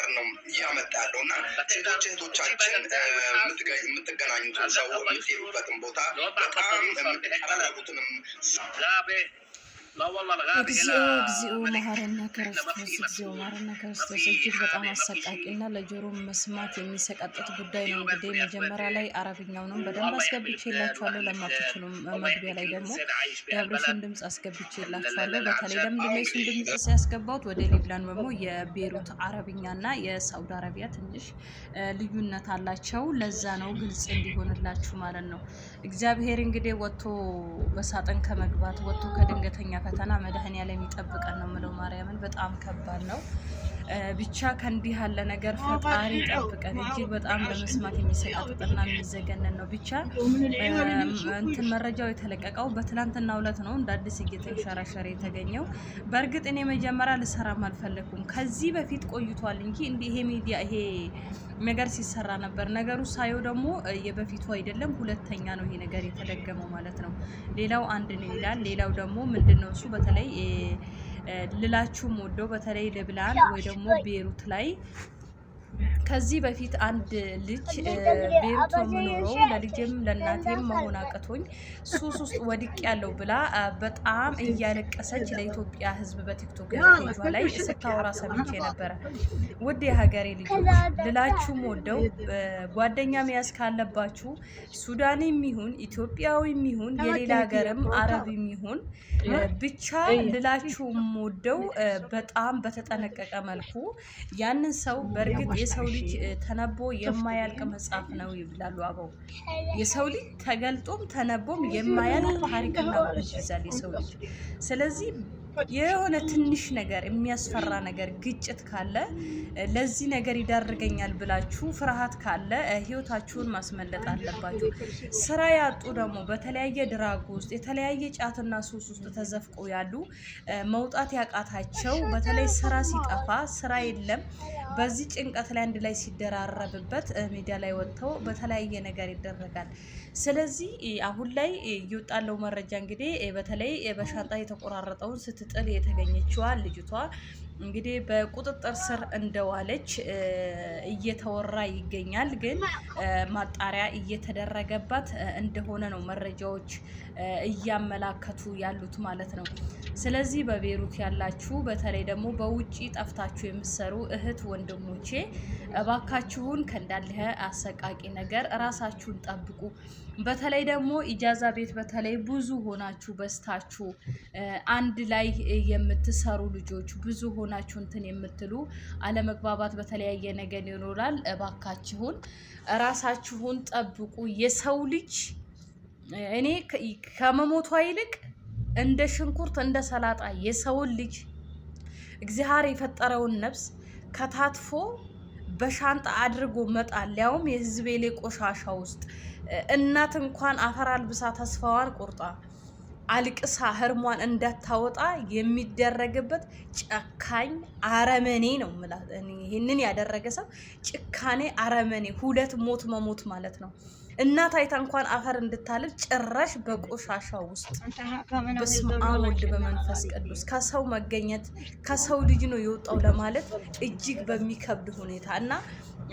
ነገር ነው እያመጣ ያለው እና ሴቶች እህቶቻችን የምትገናኙትን ሰው የምትሄዱበትን ቦታ በጣም የምትቀራረቡትንም እግዚኦ እግዚኦ መሐረነ ክርስቶስ እግዚኦ መሐረነ ክርስቶስ። እጅግ በጣም አሰቃቂና ለጆሮ መስማት የሚሰቀጥጥ ጉዳይ ነው። እንግዲህ መጀመሪያ ላይ አረብኛውንም በደንብ አስገብቼላችኋለሁ። ለማትችሉ መግቢያ ላይ ደግሞ የአብሬሽን ድምፅ አስገብቼላችኋለሁ። በተለይ ለምንድን ነው የሱን ድምፅ ሲያስገባሁት ወደ ሌብላን ደግሞ የቤሩት አረብኛና የሳውዲ አረቢያ ትንሽ ልዩነት አላቸው። ለዛ ነው ግልጽ እንዲሆንላችሁ ማለት ነው። እግዚአብሔር እንግዲህ ወጥቶ በሳጥን ከመግባት ወጥቶ ከድንገተኛ ፈተና ያለ ይጠብቀን ነው የምለው። ማርያምን በጣም ከባድ ነው። ብቻ ከእንዲህ ያለ ነገር ፈጣሪ ጠብቀን። እጅግ በጣም ለመስማት የሚሰቃጥጥና የሚዘገነን ነው። ብቻ እንትን መረጃው የተለቀቀው በትናንትና ዕለት ነው፣ እንደ አዲስ እየተንሸራሸረ የተገኘው። በእርግጥ እኔ መጀመሪያ ልሰራም አልፈለግኩም። ከዚህ በፊት ቆይቷል እንጂ እንዲ ይሄ ሚዲያ ይሄ ነገር ሲሰራ ነበር። ነገሩ ሳየው ደግሞ የበፊቱ አይደለም፣ ሁለተኛ ነው ይሄ ነገር የተደገመው ማለት ነው። ሌላው አንድ ነው ይላል፣ ሌላው ደግሞ ምንድን ነው ያላችሁ በተለይ ልላችሁ ወደው በተለይ ልብላን ወይ ደግሞ ቤሩት ላይ ከዚህ በፊት አንድ ልጅ ቤሩት ምኖሮ ለልጅም ለእናቴም መሆን አቅቶኝ ሱስ ውስጥ ወድቅ ያለው ብላ በጣም እያለቀሰች ለኢትዮጵያ ሕዝብ በቲክቶክ ጇ ላይ ስታወራ ሰምቼ ነበረ። ውድ የሀገሬ ልጆች ልላችሁም ወደው ጓደኛ መያዝ ካለባችሁ ሱዳን የሚሆን ኢትዮጵያዊ የሚሆን የሌላ ሀገርም አረብ የሚሆን ብቻ ልላችሁ ወደው በጣም በተጠነቀቀ መልኩ ያንን ሰው በእርግጥ የሰው ልጅ ተነቦ የማያልቅ መጽሐፍ ነው ይላሉ አበው። የሰው ልጅ ተገልጦም ተነቦም የማያልቅ ታሪክና ይዛል የሰው ልጅ። ስለዚህ የሆነ ትንሽ ነገር የሚያስፈራ ነገር ግጭት ካለ ለዚህ ነገር ይዳርገኛል ብላችሁ ፍርሃት ካለ ህይወታችሁን ማስመለጥ አለባችሁ። ስራ ያጡ ደግሞ በተለያየ ድራግ ውስጥ የተለያየ ጫትና ሱስ ውስጥ ተዘፍቆ ያሉ መውጣት ያቃታቸው በተለይ ስራ ሲጠፋ ስራ የለም በዚህ ጭንቀት ላይ አንድ ላይ ሲደራረብበት ሚዲያ ላይ ወጥተው በተለያየ ነገር ይደረጋል። ስለዚህ አሁን ላይ እየወጣለው መረጃ እንግዲህ በተለይ በሻንጣ የተቆራረጠውን ስትጥል የተገኘችዋ ልጅቷ እንግዲህ በቁጥጥር ስር እንደዋለች እየተወራ ይገኛል። ግን ማጣሪያ እየተደረገባት እንደሆነ ነው መረጃዎች እያመላከቱ ያሉት ማለት ነው። ስለዚህ በቤሩት ያላችሁ በተለይ ደግሞ በውጭ ጠፍታችሁ የምትሰሩ እህት ወንድሞቼ እባካችሁን ከእንዳለህ አሰቃቂ ነገር ራሳችሁን ጠብቁ። በተለይ ደግሞ ኢጃዛ ቤት በተለይ ብዙ ሆናችሁ በስታችሁ አንድ ላይ የምትሰሩ ልጆች ብዙ ሆናችሁ እንትን የምትሉ አለመግባባት በተለያየ ነገር ይኖራል። እባካችሁን ራሳችሁን ጠብቁ። የሰው ልጅ እኔ ከመሞቷ ይልቅ እንደ ሽንኩርት እንደ ሰላጣ የሰውን ልጅ እግዚአብሔር የፈጠረውን ነፍስ ከታትፎ በሻንጣ አድርጎ መጣል ሊያውም የህዝቤሌ ቆሻሻ ውስጥ እናት እንኳን አፈር አልብሳ ተስፋዋን ቁርጣ አልቅሳ ህርሟን እንዳታወጣ የሚደረግበት ጨካኝ አረመኔ ነው። ይህንን ያደረገ ሰው ጭካኔ አረመኔ፣ ሁለት ሞት መሞት ማለት ነው። እናት አይታ እንኳን አፈር እንድታልል ጭራሽ በቆሻሻ ውስጥ። በስመ አብ ወልድ በመንፈስ ቅዱስ ከሰው መገኘት ከሰው ልጅ ነው የወጣው ለማለት እጅግ በሚከብድ ሁኔታ እና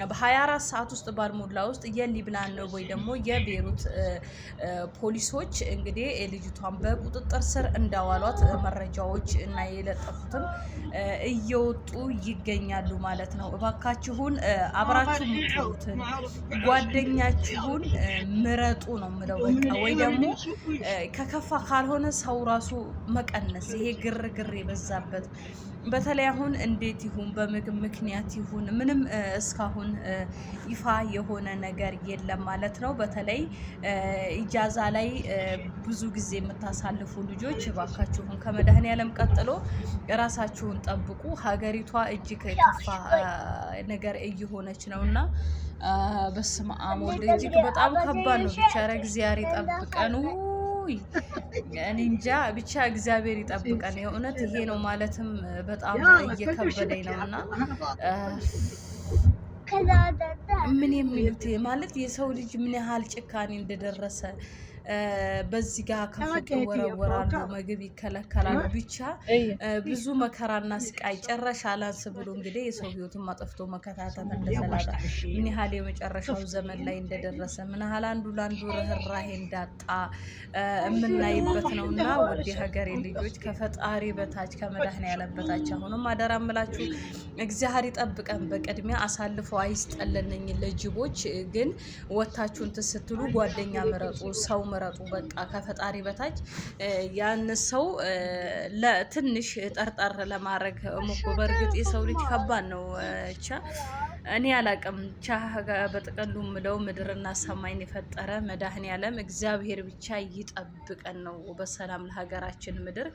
በ24 ሰዓት ውስጥ ባልሞላ ውስጥ የሊብናን ወይ ደግሞ የቤሩት ፖሊሶች እንግዲህ ልጅቷን በቁጥጥር ስር እንዳዋሏት መረጃዎች እና የለጠፉትም እየወጡ ይገኛሉ ማለት ነው። እባካችሁን አብራችሁ የምትሉትን ጓደኛችሁን ምረጡ ነው ምለው። በቃ ወይ ደግሞ ከከፋ ካልሆነ ሰው ራሱ መቀነስ ይሄ ግርግር የበዛበት በተለይ አሁን እንዴት ይሁን በምግብ ምክንያት ይሁን ምንም እስካሁን እስካሁን ይፋ የሆነ ነገር የለም ማለት ነው። በተለይ ኢጃዛ ላይ ብዙ ጊዜ የምታሳልፉ ልጆች እባካችሁን ከመድኃኔዓለም ቀጥሎ ራሳችሁን ጠብቁ። ሀገሪቷ እጅግ ከፋ ነገር እየሆነች ነው እና በስመ አብ ወልድ እጅግ በጣም ከባድ ነው። ብቻ ኧረ እግዚአብሔር ይጠብቀን። እኔ እንጃ ብቻ እግዚአብሔር ይጠብቀን። የእውነት ይሄ ነው ማለትም በጣም እየከበደኝ ነው እና ምን የሚሉት ማለት የሰው ልጅ ምን ያህል ጭካኔ እንደደረሰ በዚህ ጋር ከፎቅ ወረወራሉ፣ ምግብ ይከለከላሉ። ብቻ ብዙ መከራና ስቃይ ጨረሻ አላንስ ብሎ እንግዲህ የሰው ህይወትን ማጠፍቶ መከታተል እንደሰላላ ምን ያህል የመጨረሻው ዘመን ላይ እንደደረሰ ምን ያህል አንዱ ለአንዱ ርህራሄ እንዳጣ የምናይበት ነው እና ወደ ሀገሬ ልጆች ከፈጣሪ በታች ከመድኃኔዓለም በታች አሁንም አደራ ምላችሁ እግዚአብሔር ይጠብቀን። በቅድሚያ አሳልፎ አይስጠለንኝ ለጅቦች ግን ወታችሁን ትስትሉ ጓደኛ ምረጡ ሰው ምረጡ። በቃ ከፈጣሪ በታች ያን ሰው ለትንሽ ጠርጠር ለማድረግ ሞክሩ። በእርግጥ የሰው ልጅ ከባድ ነው ብቻ እኔ አላቅም ብቻ በጥቅሉ ምለው ምድርና ሰማይን የፈጠረ ያለም እግዚአብሔር ብቻ ይጠብቀን ነው። በሰላም ለሀገራችን ምድር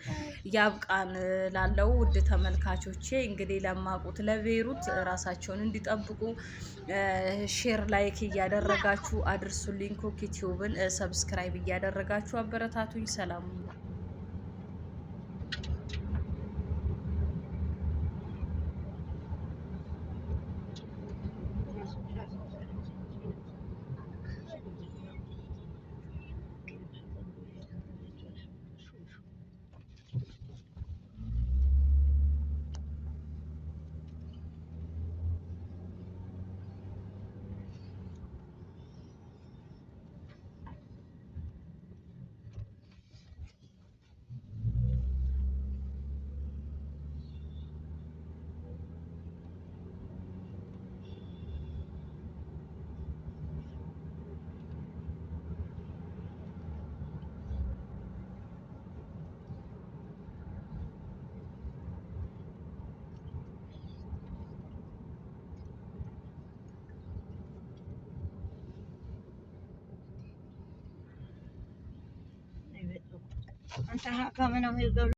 ያብቃን። ላለው ውድ ተመልካቾቼ እንግዲህ ለማቁት ለቤሩት ራሳቸውን እንዲጠብቁ ሼር፣ ላይክ እያደረጋችሁ አድርሱልኝ። ኮክ ቲዩብን ሰብስክራይብ እያደረጋችሁ አበረታቱኝ። ሰላም Ang taha kami ng Hilda